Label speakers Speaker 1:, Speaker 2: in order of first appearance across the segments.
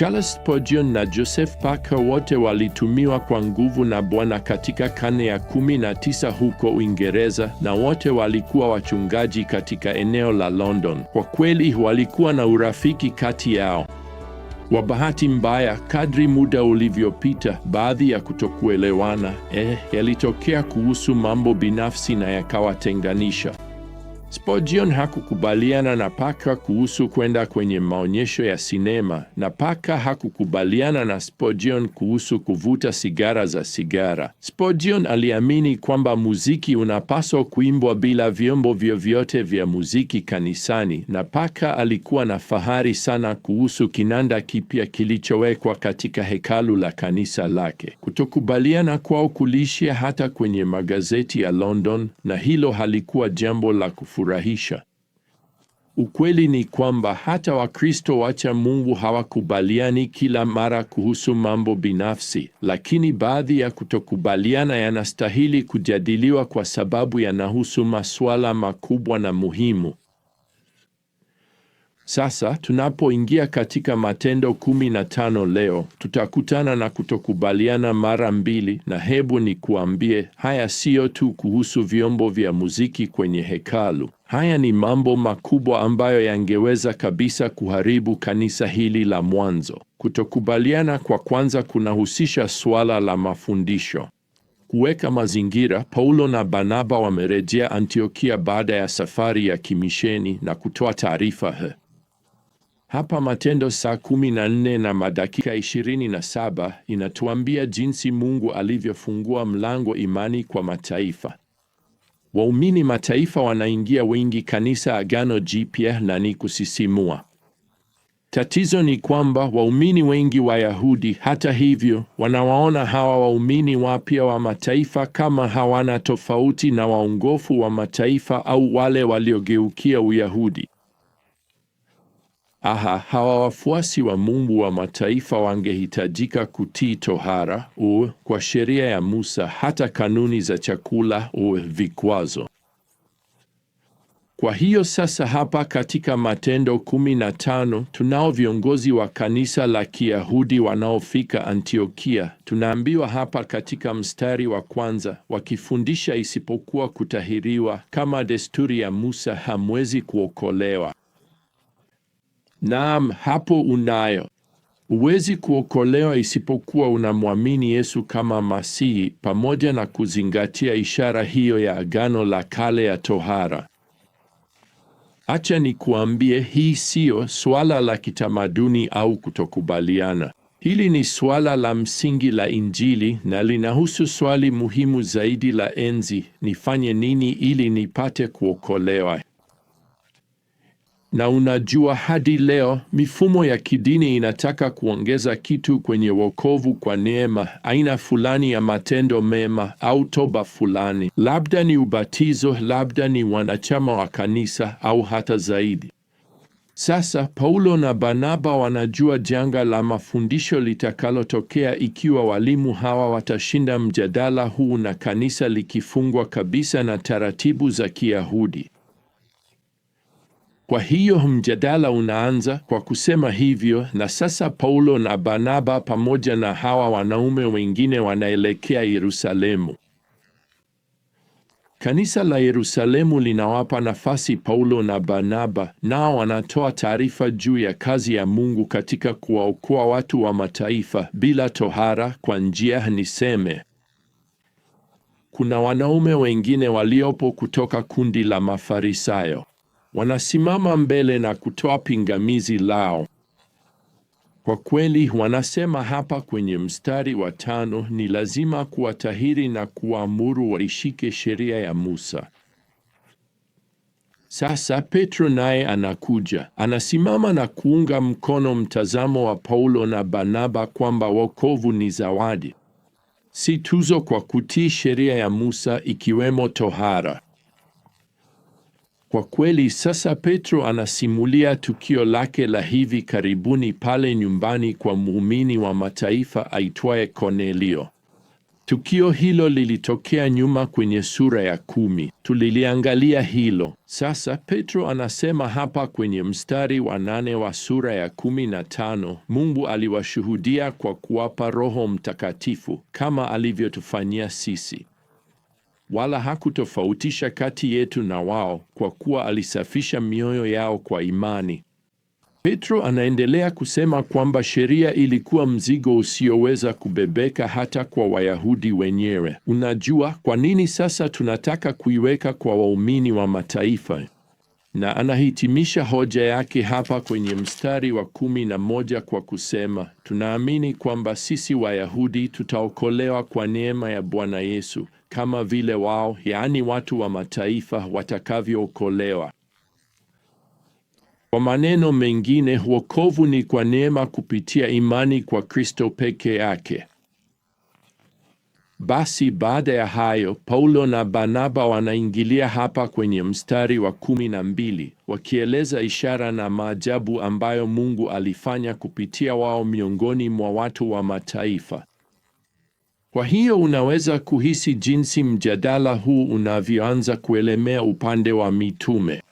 Speaker 1: Charles Spurgeon na Joseph Parker wote walitumiwa kwa nguvu na Bwana katika karne ya 19 huko Uingereza, na wote walikuwa wachungaji katika eneo la London. Kwa kweli walikuwa na urafiki kati yao. Kwa bahati mbaya, kadri muda ulivyopita, baadhi ya kutokuelewana eh, yalitokea kuhusu mambo binafsi na yakawatenganisha. Spurgeon hakukubaliana na Parker kuhusu kwenda kwenye maonyesho ya sinema na Parker hakukubaliana na Spurgeon kuhusu kuvuta sigara za sigara. Spurgeon aliamini kwamba muziki unapaswa kuimbwa bila vyombo vyovyote vya muziki kanisani, na Parker alikuwa na fahari sana kuhusu kinanda kipya kilichowekwa katika hekalu la kanisa lake. Kutokubaliana kwao kuliishia hata kwenye magazeti ya London, na hilo halikuwa jambo la kufu kufurahisha. Ukweli ni kwamba hata Wakristo wacha Mungu hawakubaliani kila mara kuhusu mambo binafsi, lakini baadhi ya kutokubaliana yanastahili kujadiliwa kwa sababu yanahusu masuala makubwa na muhimu. Sasa tunapoingia katika Matendo kumi na tano leo tutakutana na kutokubaliana mara mbili, na hebu ni kuambie haya siyo tu kuhusu vyombo vya muziki kwenye hekalu. Haya ni mambo makubwa ambayo yangeweza kabisa kuharibu kanisa hili la mwanzo. Kutokubaliana kwa kwanza kunahusisha suala la mafundisho kuweka mazingira. Paulo na Barnaba wamerejea Antiokia baada ya safari ya kimisheni na kutoa taarifa hapa Matendo saa kumi na nne na madakika ishirini na saba inatuambia jinsi Mungu alivyofungua mlango imani kwa mataifa. Waumini mataifa wanaingia wengi kanisa Agano Jipya na ni kusisimua. Tatizo ni kwamba waumini wengi Wayahudi, hata hivyo, wanawaona hawa waumini wapya wa mataifa kama hawana tofauti na waongofu wa mataifa au wale waliogeukia Uyahudi. Aha, hawa wafuasi wa Mungu wa mataifa wangehitajika kutii tohara u kwa sheria ya Musa, hata kanuni za chakula u vikwazo. Kwa hiyo sasa hapa katika Matendo 15 tunao viongozi wa kanisa la Kiyahudi wanaofika Antiokia. Tunaambiwa hapa katika mstari wa kwanza, wakifundisha isipokuwa kutahiriwa kama desturi ya Musa hamwezi kuokolewa. Naam, hapo unayo. Huwezi kuokolewa isipokuwa unamwamini Yesu kama Masihi, pamoja na kuzingatia ishara hiyo ya Agano la Kale ya tohara. Acha nikuambie, hii siyo suala la kitamaduni au kutokubaliana. Hili ni suala la msingi la Injili na linahusu swali muhimu zaidi la enzi: nifanye nini ili nipate kuokolewa? Na unajua hadi leo mifumo ya kidini inataka kuongeza kitu kwenye wokovu kwa neema, aina fulani ya matendo mema au toba fulani, labda ni ubatizo, labda ni wanachama wa kanisa au hata zaidi. Sasa Paulo na Barnaba wanajua janga la mafundisho litakalotokea ikiwa walimu hawa watashinda mjadala huu na kanisa likifungwa kabisa na taratibu za Kiyahudi. Kwa hiyo mjadala unaanza kwa kusema hivyo, na sasa Paulo na Barnaba pamoja na hawa wanaume wengine wanaelekea Yerusalemu. Kanisa la Yerusalemu linawapa nafasi Paulo na Barnaba, nao wanatoa taarifa juu ya kazi ya Mungu katika kuwaokoa watu wa mataifa bila tohara kwa njia niseme. Kuna wanaume wengine waliopo kutoka kundi la Mafarisayo wanasimama mbele na kutoa pingamizi lao. Kwa kweli wanasema hapa kwenye mstari wa tano, ni lazima kuwatahiri na kuwaamuru waishike sheria ya Musa. Sasa Petro naye anakuja, anasimama na kuunga mkono mtazamo wa Paulo na Barnaba kwamba wokovu ni zawadi, si tuzo kwa kutii sheria ya Musa, ikiwemo tohara. Kwa kweli sasa Petro anasimulia tukio lake la hivi karibuni pale nyumbani kwa muumini wa mataifa aitwaye Kornelio. Tukio hilo lilitokea nyuma kwenye sura ya kumi. Tuliliangalia hilo. Sasa Petro anasema hapa kwenye mstari wa nane wa sura ya kumi na tano, Mungu aliwashuhudia kwa kuwapa Roho Mtakatifu kama alivyotufanyia sisi wala hakutofautisha kati yetu na wao, kwa kuwa alisafisha mioyo yao kwa imani. Petro anaendelea kusema kwamba sheria ilikuwa mzigo usioweza kubebeka hata kwa Wayahudi wenyewe. Unajua kwa nini sasa tunataka kuiweka kwa waumini wa mataifa? Na anahitimisha hoja yake hapa kwenye mstari wa kumi na moja kwa kusema, tunaamini kwamba sisi Wayahudi tutaokolewa kwa neema ya Bwana Yesu kama vile wao, yaani watu wa mataifa, watakavyookolewa. Kwa maneno mengine, wokovu ni kwa neema kupitia imani kwa Kristo peke yake. Basi baada ya hayo Paulo na Barnaba wanaingilia hapa kwenye mstari wa kumi na mbili wakieleza ishara na maajabu ambayo Mungu alifanya kupitia wao miongoni mwa watu wa mataifa. Kwa hiyo unaweza kuhisi jinsi mjadala huu unavyoanza kuelemea upande wa mitume.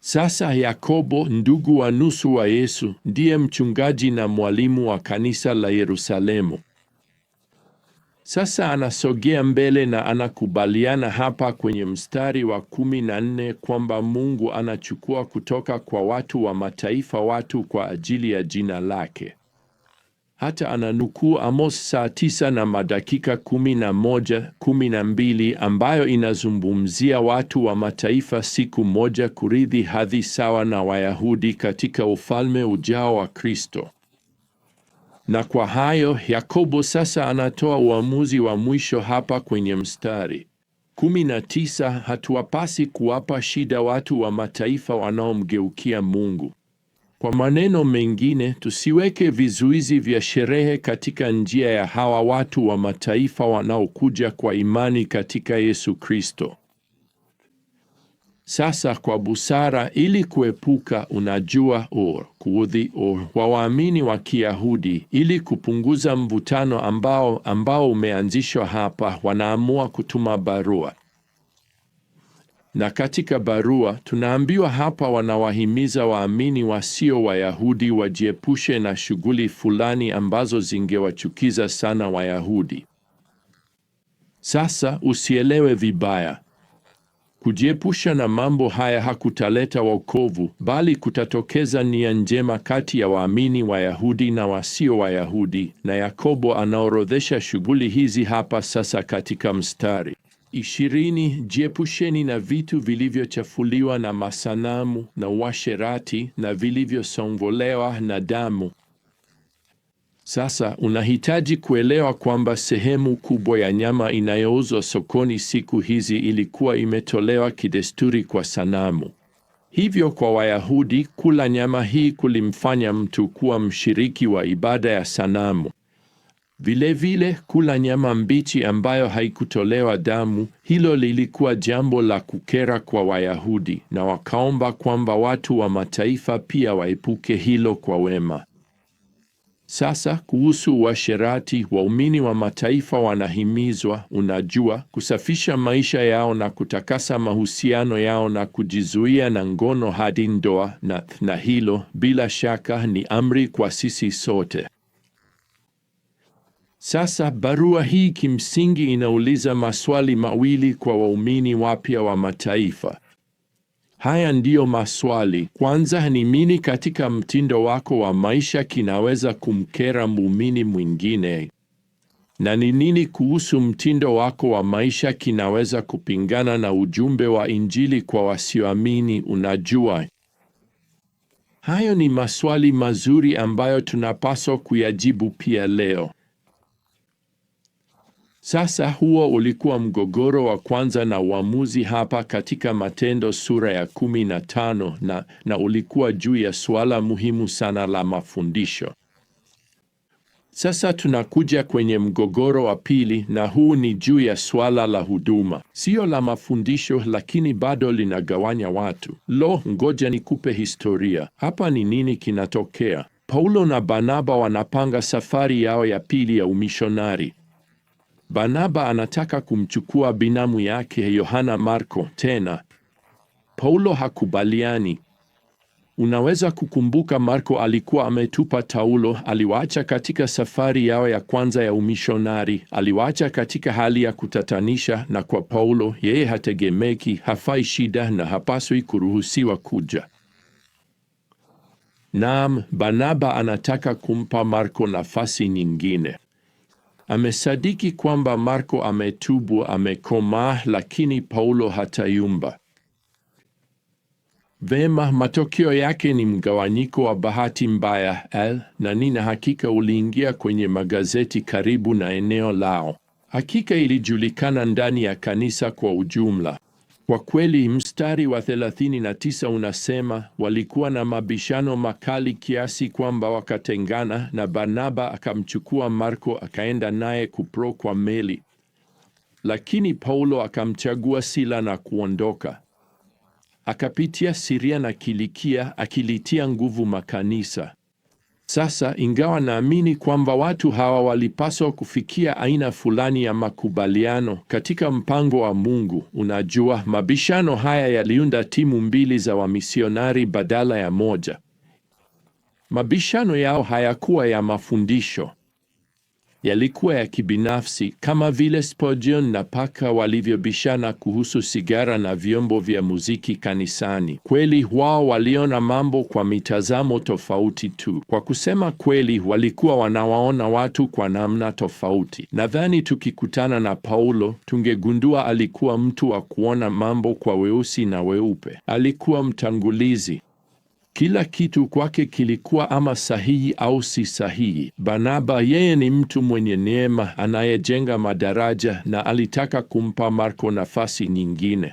Speaker 1: Sasa Yakobo, ndugu wa nusu wa Yesu, ndiye mchungaji na mwalimu wa kanisa la Yerusalemu. Sasa anasogea mbele na anakubaliana hapa kwenye mstari wa kumi na nne kwamba Mungu anachukua kutoka kwa watu wa mataifa watu kwa ajili ya jina lake hata ananukuu Amos saa tisa na madakika kumi na moja kumi na mbili ambayo inazungumzia watu wa mataifa siku moja kurithi hadhi sawa na Wayahudi katika ufalme ujao wa Kristo. Na kwa hayo Yakobo sasa anatoa uamuzi wa mwisho hapa kwenye mstari 19: hatuwapasi kuwapa shida watu wa mataifa wanaomgeukia Mungu. Kwa maneno mengine, tusiweke vizuizi vya sherehe katika njia ya hawa watu wa mataifa wanaokuja kwa imani katika Yesu Kristo. Sasa kwa busara, ili kuepuka, unajua, or kuudhi or wa waamini wa Kiyahudi, ili kupunguza mvutano ambao ambao umeanzishwa hapa, wanaamua kutuma barua na katika barua tunaambiwa hapa wanawahimiza waamini wasio Wayahudi wajiepushe na shughuli fulani ambazo zingewachukiza sana Wayahudi. Sasa usielewe vibaya. Kujiepusha na mambo haya hakutaleta wokovu, bali kutatokeza nia njema kati ya waamini Wayahudi na wasio Wayahudi, na Yakobo anaorodhesha shughuli hizi hapa sasa katika mstari ishirini. Jiepusheni na vitu vilivyochafuliwa na masanamu na uasherati na vilivyosongolewa na damu. Sasa unahitaji kuelewa kwamba sehemu kubwa ya nyama inayouzwa sokoni siku hizi ilikuwa imetolewa kidesturi kwa sanamu. Hivyo kwa Wayahudi, kula nyama hii kulimfanya mtu kuwa mshiriki wa ibada ya sanamu. Vilevile kula nyama mbichi ambayo haikutolewa damu, hilo lilikuwa jambo la kukera kwa Wayahudi, na wakaomba kwamba watu wa mataifa pia waepuke hilo kwa wema. Sasa kuhusu uasherati, waumini wa mataifa wanahimizwa, unajua, kusafisha maisha yao na kutakasa mahusiano yao na kujizuia na ngono hadi ndoa, na na hilo bila shaka ni amri kwa sisi sote. Sasa barua hii kimsingi inauliza maswali mawili kwa waumini wapya wa mataifa. Haya ndiyo maswali. Kwanza, ni nini katika mtindo wako wa maisha kinaweza kumkera muumini mwingine? Na ni nini kuhusu mtindo wako wa maisha kinaweza kupingana na ujumbe wa Injili kwa wasioamini? Unajua, hayo ni maswali mazuri ambayo tunapaswa kuyajibu pia leo. Sasa huo ulikuwa mgogoro wa kwanza na uamuzi hapa katika Matendo sura ya kumi na tano na, na ulikuwa juu ya suala muhimu sana la mafundisho. Sasa tunakuja kwenye mgogoro wa pili, na huu ni juu ya suala la huduma, siyo la mafundisho, lakini bado linagawanya watu. Lo, ngoja nikupe historia hapa. Ni nini kinatokea? Paulo na Barnaba wanapanga safari yao ya pili ya umishonari. Barnaba anataka kumchukua binamu yake Yohana Marko tena. Paulo hakubaliani. Unaweza kukumbuka Marko alikuwa ametupa taulo, aliwaacha katika safari yao ya kwanza ya umishonari, aliwaacha katika hali ya kutatanisha, na kwa Paulo yeye hategemeki, hafai shida na hapaswi kuruhusiwa kuja. Naam, Barnaba anataka kumpa Marko nafasi nyingine. Amesadiki kwamba Marko ametubu, amekomaa, lakini Paulo hatayumba. Vema, matokeo yake ni mgawanyiko wa bahati mbaya l na nina hakika uliingia kwenye magazeti karibu na eneo lao. Hakika ilijulikana ndani ya kanisa kwa ujumla. Kwa kweli mstari wa 39 unasema walikuwa na mabishano makali kiasi kwamba wakatengana, na Barnaba akamchukua Marko akaenda naye Kupro kwa meli, lakini Paulo akamchagua Sila na kuondoka. Akapitia Siria na Kilikia akilitia nguvu makanisa. Sasa, ingawa naamini kwamba watu hawa walipaswa kufikia aina fulani ya makubaliano katika mpango wa Mungu, unajua, mabishano haya yaliunda timu mbili za wamisionari badala ya moja. Mabishano yao hayakuwa ya mafundisho yalikuwa ya kibinafsi, kama vile Spurgeon na Parker walivyobishana kuhusu sigara na vyombo vya muziki kanisani. Kweli wao waliona mambo kwa mitazamo tofauti tu. Kwa kusema kweli, walikuwa wanawaona watu kwa namna tofauti. Nadhani tukikutana na Paulo tungegundua alikuwa mtu wa kuona mambo kwa weusi na weupe. Alikuwa mtangulizi kila kitu kwake kilikuwa ama sahihi au si sahihi. Barnaba yeye ni mtu mwenye neema anayejenga madaraja, na alitaka kumpa Marko nafasi nyingine.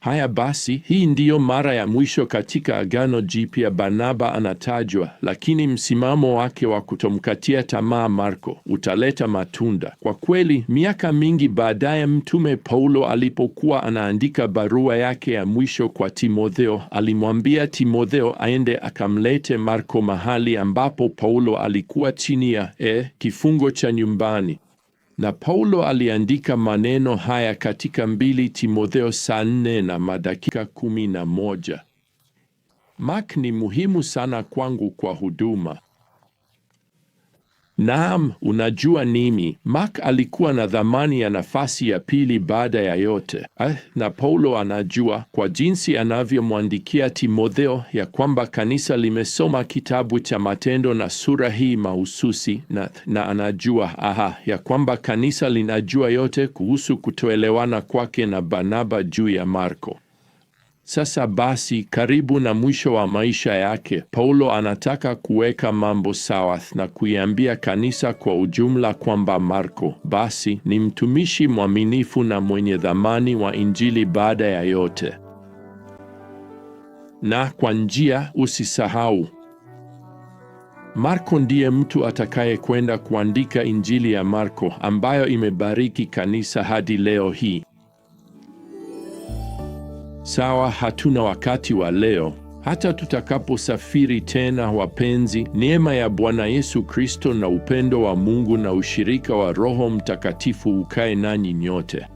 Speaker 1: Haya basi, hii ndiyo mara ya mwisho katika Agano Jipya Barnaba anatajwa, lakini msimamo wake wa kutomkatia tamaa Marko utaleta matunda. Kwa kweli, miaka mingi baadaye, Mtume Paulo alipokuwa anaandika barua yake ya mwisho kwa Timotheo, alimwambia Timotheo aende akamlete Marko mahali ambapo Paulo alikuwa chini ya e kifungo cha nyumbani. Na Paulo aliandika maneno haya katika mbili Timotheo saa nne na madakika kumi na moja. Mark ni muhimu sana kwangu kwa huduma. Naam, unajua nini? Mark alikuwa na dhamani ya nafasi ya pili baada ya yote. Eh, na Paulo anajua kwa jinsi anavyomwandikia Timotheo ya kwamba kanisa limesoma kitabu cha Matendo na sura hii mahususi na, na anajua aha, ya kwamba kanisa linajua yote kuhusu kutoelewana kwake na Barnaba juu ya Marko. Sasa basi, karibu na mwisho wa maisha yake, Paulo anataka kuweka mambo sawa na kuiambia kanisa kwa ujumla kwamba Marko basi ni mtumishi mwaminifu na mwenye dhamani wa Injili baada ya yote. Na kwa njia, usisahau Marko ndiye mtu atakayekwenda kuandika Injili ya Marko ambayo imebariki kanisa hadi leo hii. Sawa, hatuna wakati wa leo. Hata tutakaposafiri tena, wapenzi, neema ya Bwana Yesu Kristo na upendo wa Mungu na ushirika wa Roho Mtakatifu ukae nanyi nyote.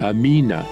Speaker 1: Amina.